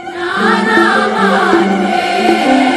Nana Mate.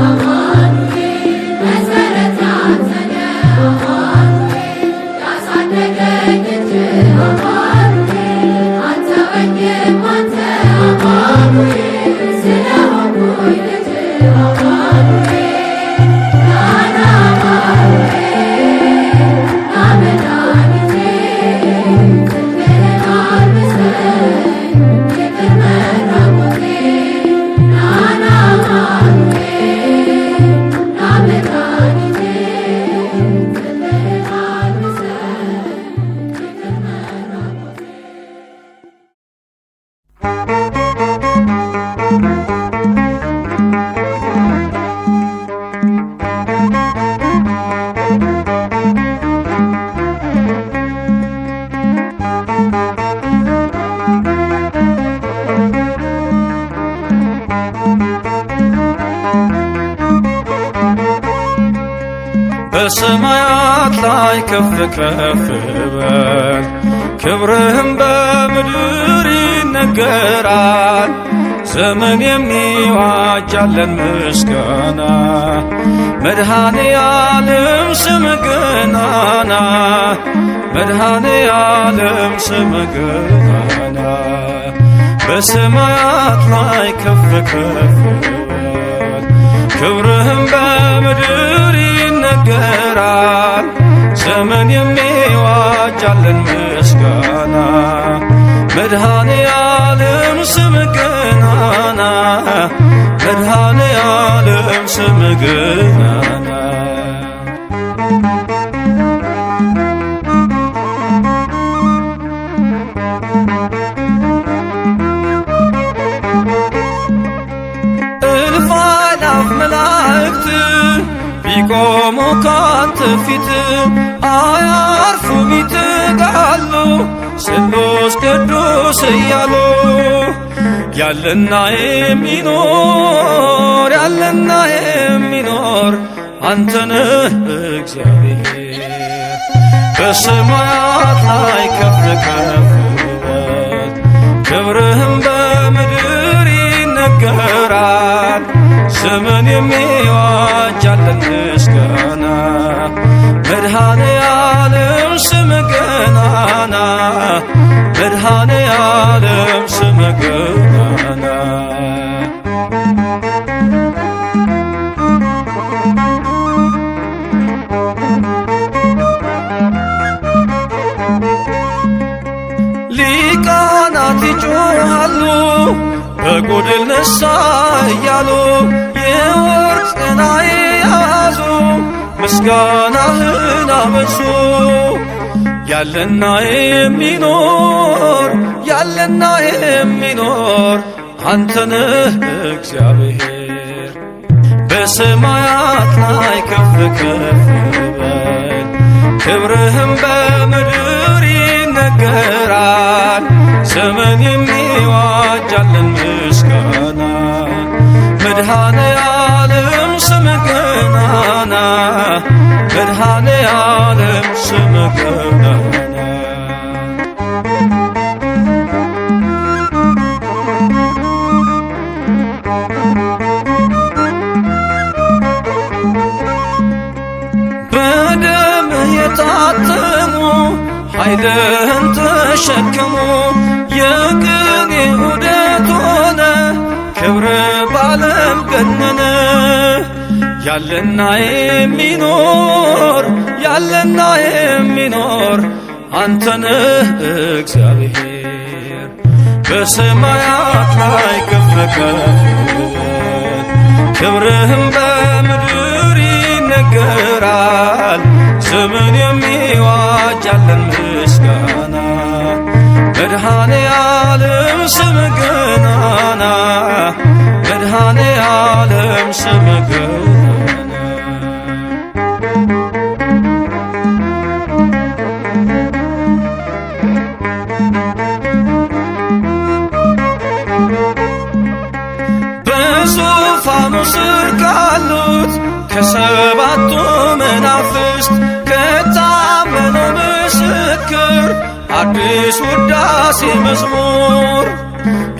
Oh. በሰማያት ላይ ከፍ ከፍ በል ክብርህም በምድር ይነገራል። ዘመን የሚዋጃለን ምስጋና መድኃኔ ዓለም ስም ገናና መድኃኔ ዓለም ስም ገናና በሰማያት ላይ ከፍ ከፍ ክብርህም በምድር ይናገራል። ዘመን የሚዋጃለን ምስጋና መድኃኔ ዓለም ስም ገናና መድኃኔ ዓለም ስም ቅዱስ እያሉ ያለና የሚኖር ያለና የሚኖር አንተነህ እግዚአብሔር በሰማያት ላይ ከፍ ከፍበት ክብርህም በምድር ይነገራል ስም ተነሳ እያሉ የወር ጤና የያዙ ምስጋናህን አበዙ። ያለና የሚኖር ያለና የሚኖር አንተነህ እግዚአብሔር በሰማያት ላይ ከፍ ከፍ በል ክብርህም በምድር ይነገራል። ዘመን የሚዋጃለን ምስ برهانه عالم سمگنانا برهانه عالم سمگنانا بدم يتعتموا حيدا تشكموا የገነነ ያለና የሚኖር ያለና የሚኖር አንተነህ እግዚአብሔር በሰማያት ላይ ከፍ ከፍ ክብርህም በምድር ይነገራል። ስምን የሚዋጅ ያለን ምስጋና መድኃኔ ዓለም ስም ገናና መድኃኔ ዓለም ስምህ በዙፋኑ ስር ካሉት ከሰባቱ መናፍስት ከታመነ ምስክር አዲስ ውዳሴ መዝሙር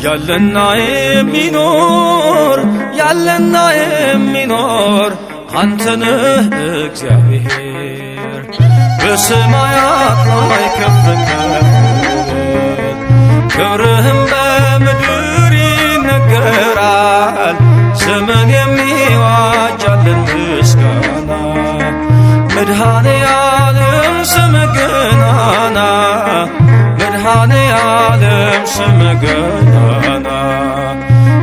ያለና የሚኖር ያለና የሚኖር አንተነህ እግዚአብሔር በሰማያት ላይ ከፍ ክብርህም በምድር ይነገራል። ዘመን የሚዋጃለን ምስጋና መድኃኔ ዓለም ስምህ ገናና መድኃኔ ዓለም ስም ገናና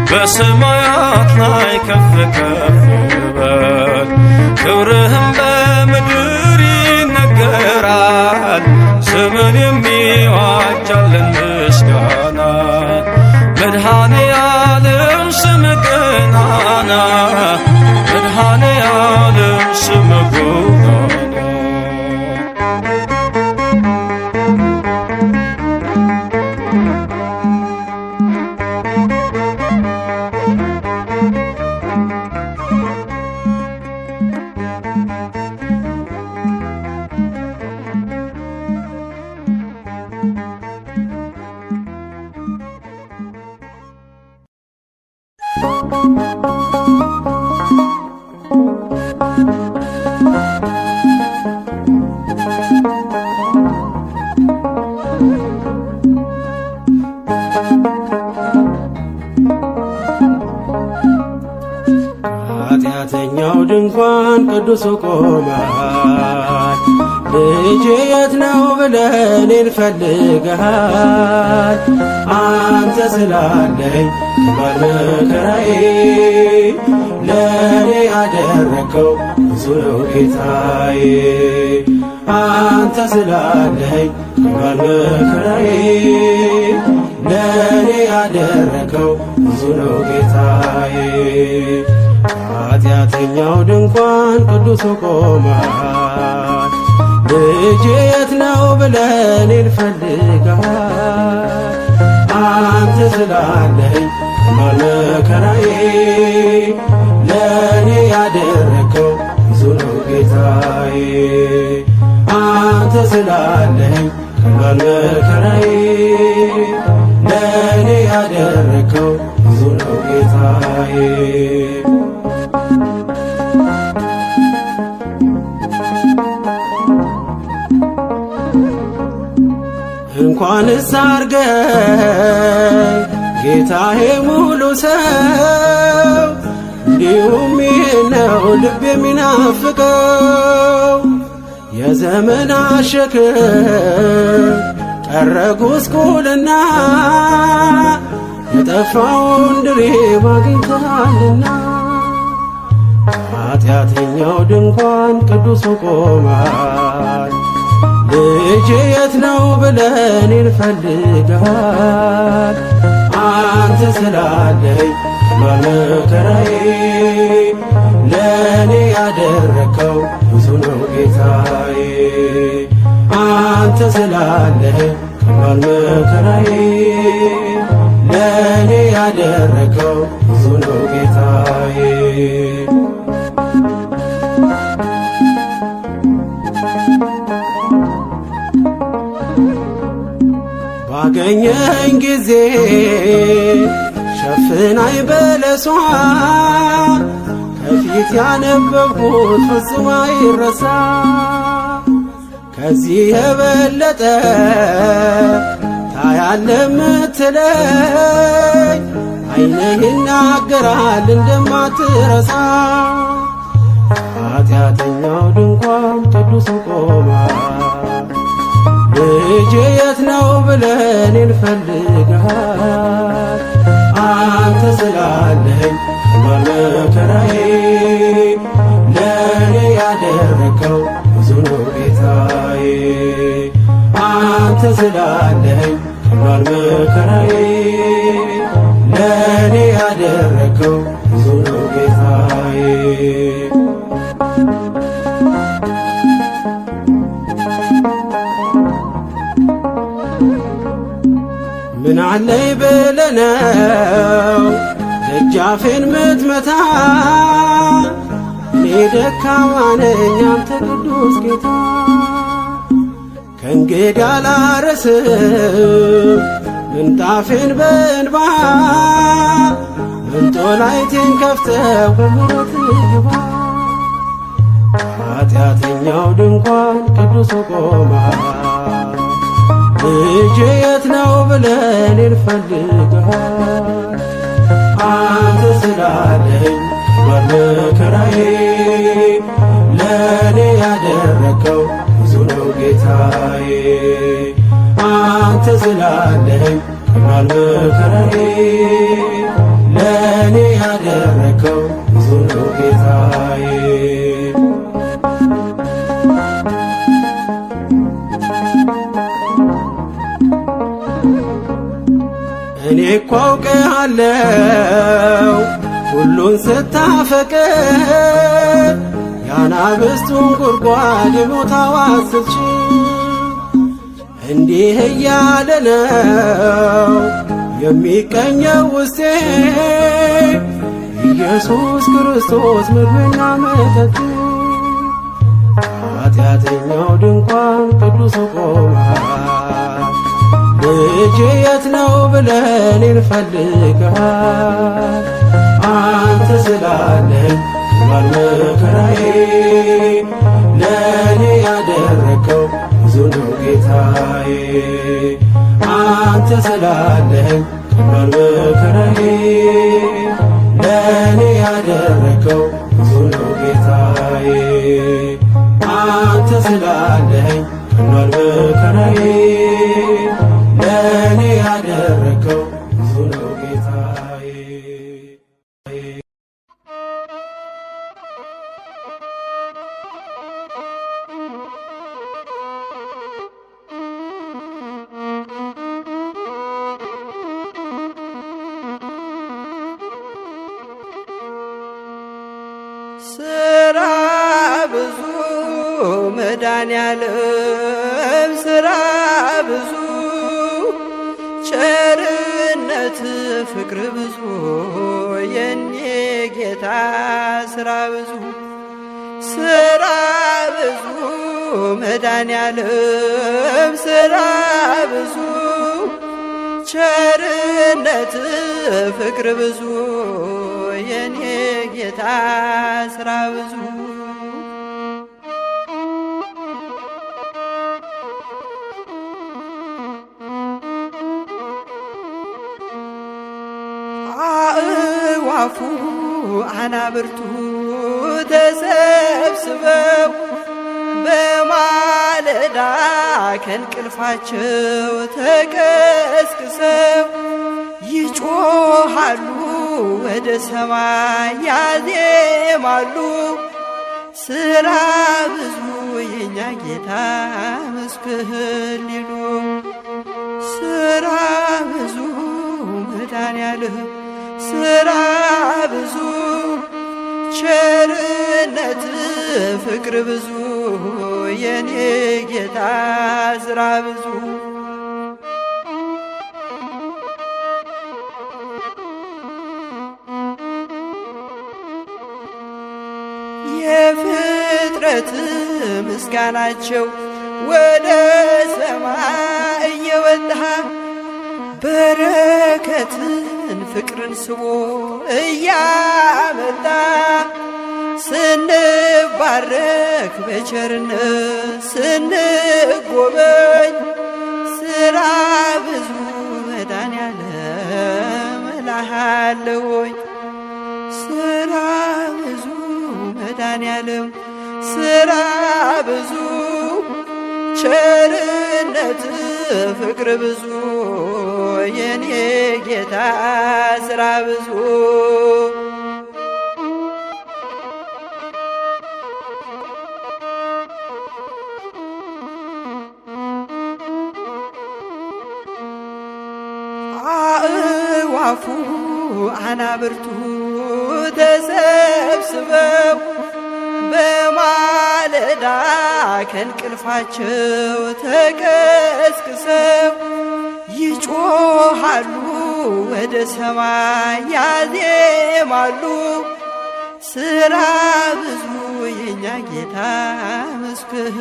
በሰማያት ላይ ከፍ ከፍ በቀኛው ድንኳን ቅዱስ ቆመሃል። ልጄ የት ነው ብለን እኔን አንተ ስላለኝ ባልመከራዬ ለእኔ አደረከው ብዙ ነው ጌታዬ። አንተ ስላለኝ ባልመከራዬ ለእኔ አደረከው ብዙ ነው ጌታዬ። በአራተኛው ድንኳን ቅዱሱ ቆሟል። ልጄ የት ነው ብለን እንፈልጋለን። አንተ ስላለኝ መከራዬ ለእኔ ያደረከው ብዙ ነው ጌታዬ። አንተ ስላለኝ መከራዬ ለእኔ ያደረከው ብዙ ነው ጌታዬ። እንኳን ሳርገኝ ጌታዬ ሙሉ ሰው እንዲሁም ነው ልብ የሚናፍቀው የዘመን አሸክ ቀረ ጉስቁልና የጠፋውን ድሪብ አግኝተሃልና ኃጢአተኛው ድንኳን ቅዱሱ ቆማ ልጄ የት ነው ብለን እንፈልጋል አንተ ስላለኝ በመከራዬ ለእኔ ያደረከው ብዙ ነው ጌታዬ አንተ ስላለኝ በመከራዬ ለእኔ ያደረከው ብዙ ነው ጌታዬ ባገኘኝ ጊዜ ሸፍናይ በለሷ ከፊት ያነበብኩት ፍጹም አይረሳ። ከዚህ የበለጠ ታያለ ምትለይ አይንህ ይናገራል እንደማትረሳ ኃጢአተኛው ድንኳን ቅዱስ ቆሟል። ልጄ የት ነው ብለን እንፈልጋት አንተ ስላለኝ መከራዬ ለኔ ያደረከው ብዙ ነው ጌታዬ አንተ ስላለኝ ከባድ መከራዬ ለኔ ያደረከው ብዙ ነው ጌታዬ ምን አለኝ ብለነው ደጃፌን ምትመታ እኔ ደካማ ነኝ አንተ ቅዱስ ጌታ ከእንግዳ ላረስም ምንጣፌን በእንባ እንጦላይቴን ከፍተው በምረት ግባ ኃጢአተኛው ድንኳን ቅዱስ ቆመሃል ልጄ የት ነው ብለን እንፈልግሃል አንተ ስላለኝ በመከራዬ ለእኔ ያደረከው ብዙ ነው ጌታዬ አንተ ስላለኝ ለእኔ ያደረከው ብዙ ነው ጌታዬ እኮ አውቅሃለው ሁሉን ስታፈቅር ያናብስቱን ጉድጓድ የሞታዋት እንዲህ እያለ ነው የሚቀኘው ውስጤ ኢየሱስ ክርስቶስ ምግብና መጠጥ ኃጢአተኛው ድንኳን ቅዱስ ቆሟል ልጅ የት ነው ብለን እንፈልግሃል። አንተ ስላለ ማን መከራዬ ለእኔ ያደረከው ብዙ ነው ጌታዬ። አንተ ስላለ ማን መከራዬ ለእኔ ያደረከው ብዙ ነው ጌታዬ። አንተ ስላለኝ ማን መከራዬ ጌታ ስራ ብዙ ስራ ብዙ መድኃኔዓለም ስራ ብዙ ቸርነት ፍቅር ብዙ የኔ ጌታ ስራ ብዙ አእዋፉ አናብርቱ ተሰብስበው በማለዳ ከእንቅልፋቸው ተቀስቅሰው ይጮሃሉ፣ ወደ ሰማይ ያዜማሉ። ስራ ብዙ የእኛ ጌታ መስክህል ሊሉ ስራ ብዙ መዳን ያለህ ስራ ብዙ ቸርነት ፍቅር ብዙ የኔ ጌታ ስራ ብዙ የፍጥረት ምስጋናቸው ወደ ሰማይ እየወጣ በረከት ፍቅርን ስቦ እያመጣ ስንባረክ በቸርነት ስንጎበኝ ስራ ብዙ መድኃኔዓለም እልሃለሁኝ ስራ ብዙ መድኃኔዓለም ስራ ብዙ ቸርነት ፍቅር ብዙ የኔ ጌታ ስራ ብዙ አእዋፉ አናብርቱ ተሰብስበው በማለዳ ከእንቅልፋቸው ተቀስቅሰው ይጮሃሉ ወደ ሰማይ ያዜማሉ። ስራ ብዙ የእኛ ጌታ ምስክር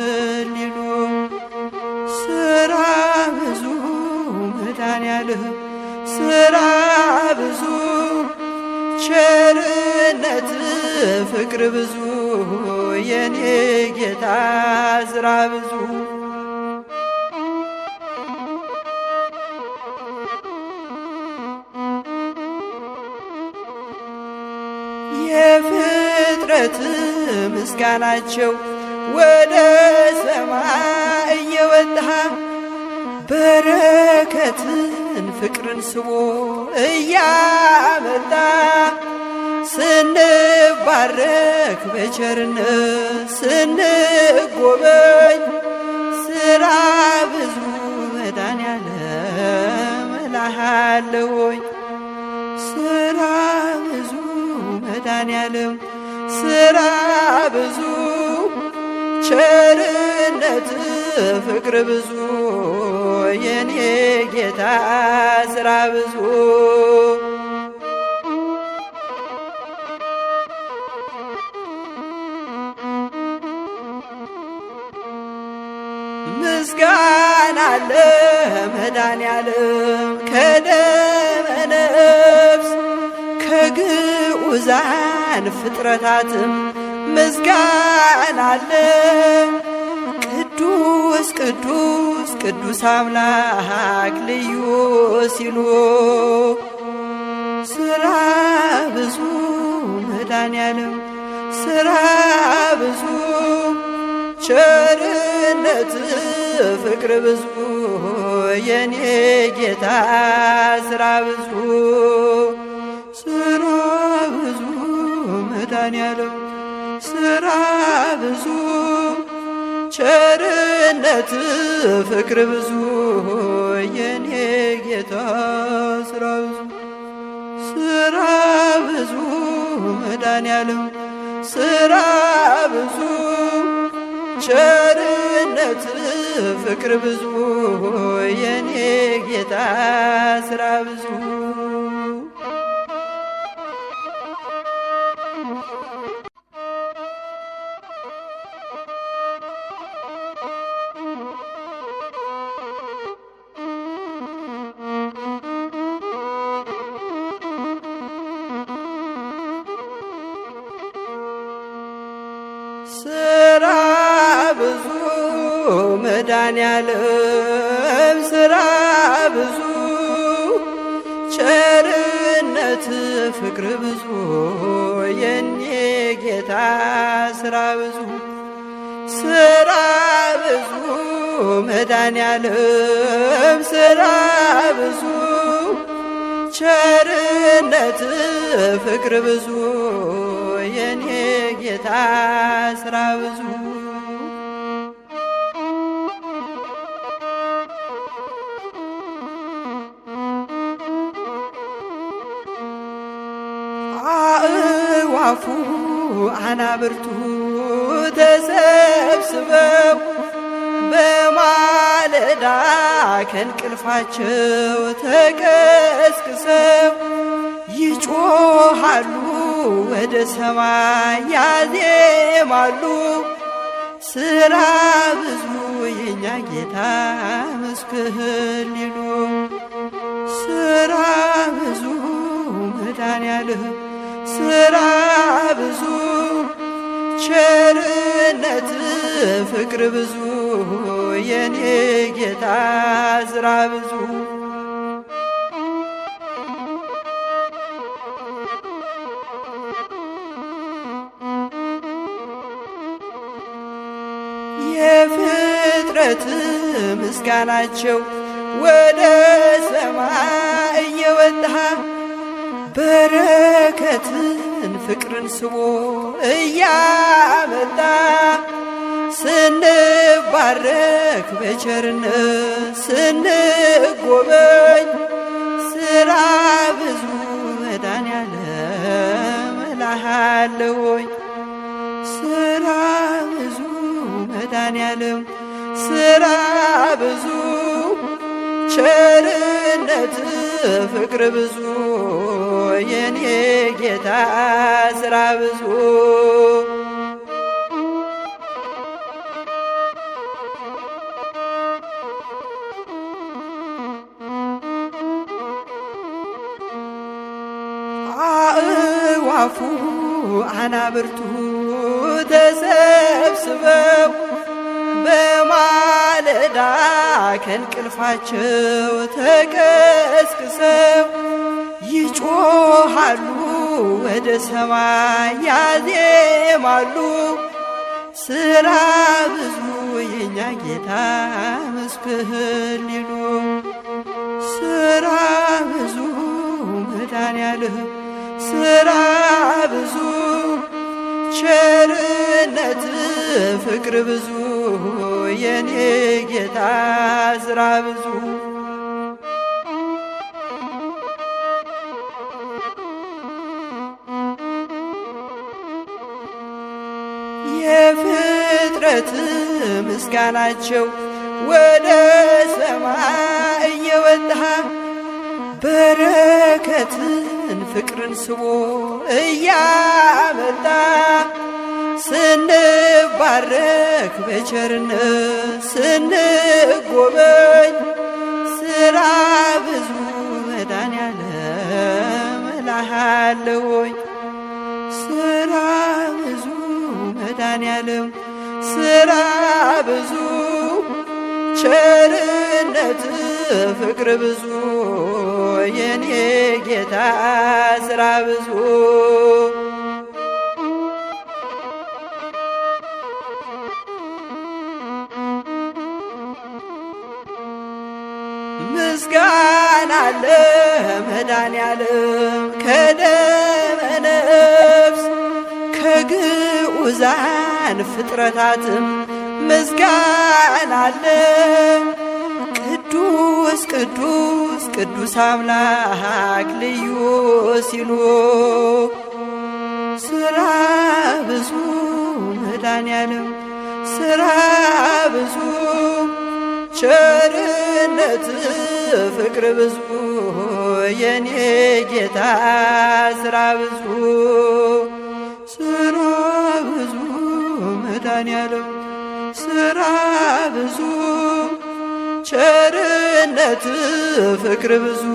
ሊሉ ስራ ብዙ መድኃኔዓለም ስራ ብዙ ቸርነት ፍቅር ብዙ የኔ ጌታ ስራ ብዙ ፍጥረት ምስጋናቸው ወደ ሰማይ እየወጣ በረከትን ፍቅርን ስቦ እያመጣ ስንባረክ በቸርነት ስንጎበኝ ስራ ብዙ መዳን ያለ መላሃለወኝ መድኃኔዓለም ስራ ብዙ ቸርነት ፍቅር ብዙ የኔ ጌታ ስራ ብዙ ምስጋና አለ መድኃኔዓለም ከደመ ነፍስ ከግዑዛን ለሙታን ፍጥረታትም ምስጋና አለ። ቅዱስ ቅዱስ ቅዱስ አምላክ ልዩ ሲሉ ስራ ብዙ መድኃኔዓለም ስራ ብዙ ቸርነት ፍቅር ብዙ የኔ ጌታ ስራ ብዙ ስራ ያለው ስራ ብዙ ቸርነት ፍቅር ብዙ የኔ ጌታ ስራ ብዙ ስራ ብዙ ዳንኤልም ስራ ብዙ ቸርነት ፍቅር ብዙ የኔ ጌታ ስራ ብዙ ፍቅር ብዙ የኔ ጌታ ስራ ብዙ ስራ ብዙ መድኃኔዓለም ስራ ብዙ ቸርነት ፍቅር ብዙ የኔ ጌታ ስራ ብዙ ዛፉ አናብርቱ ተሰብስበው በማለዳ ከእንቅልፋቸው ተቀስቅሰው ይጮሃሉ ወደ ሰማይ ያዜማሉ። ስራ ብዙ የእኛ ጌታ ምስክር ሊሉ ስራ ብዙ መዳን ያልህ ስራ ብዙ ቸርነት ፍቅር ብዙ የኔ ጌታ ዝራ ብዙ የፍጥረት ምስጋናቸው ወደ ሰማይ እየወጣ በረከት ፍቅርን ስቦ እያመጣ ስንባረክ በቸርነት ስንጎበኝ ስራ ብዙ መድኃኒዓለም እልሃለሁኝ ስራ ብዙ መድኃኒዓለም ስራ ብዙ ቸርነት ፍቅር ብዙ የኔ ጌታ ስራ ብዙ አእዋፉ አናብርቱ ተሰብስበው በማለዳ ከእንቅልፋቸው ተቀስቅሰው ይጮሃሉ ወደ ሰማይ ያዜማሉ። ስራ ብዙ የኛ ጌታ ምስክር ሊሉ ስራ ብዙ መድኃኔዓለም ስራ ብዙ ቸርነት ፍቅር ብዙ የኔ ጌታ ስራ ብዙ ምስጋናቸው ወደ ሰማይ እየወጣ በረከትን ፍቅርን ስቦ እያመጣ ስንባረክ በቸርነት ስንጎበኝ ስራ ብዙ ያለ እልሃለሁኝ ስራ ብዙ መድኃኔዓለም ስራ ብዙ ቸርነት ፍቅር ብዙ የኔ ጌታ ስራ ብዙ ምስጋና አለ ያለም ከደመ ነፍስ ከግዑዛን ፍጥረታትም ምስጋና አለ ቅዱስ ቅዱስ ቅዱስ አምላክ ልዩ ሲሉ ስራ ብዙ መድኃኔዓለም ስራ ብዙ ቸርነት ፍቅር ብዙ የኔ ጌታ ስራ ብዙ ስራ ብዙ መድኃኔዓለም ስራ ብዙ ቸርነት ፍቅር ብዙ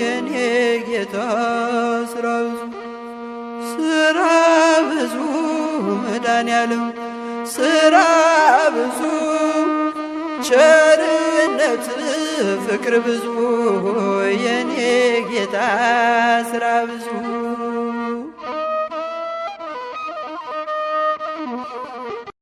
የኔ ጌታ ስራ ብዙ ስራ ብዙ መድኃኔዓለም ስራ ብዙ ቸርነት ፍቅር ብዙ የኔ ጌታ ስራ ብዙ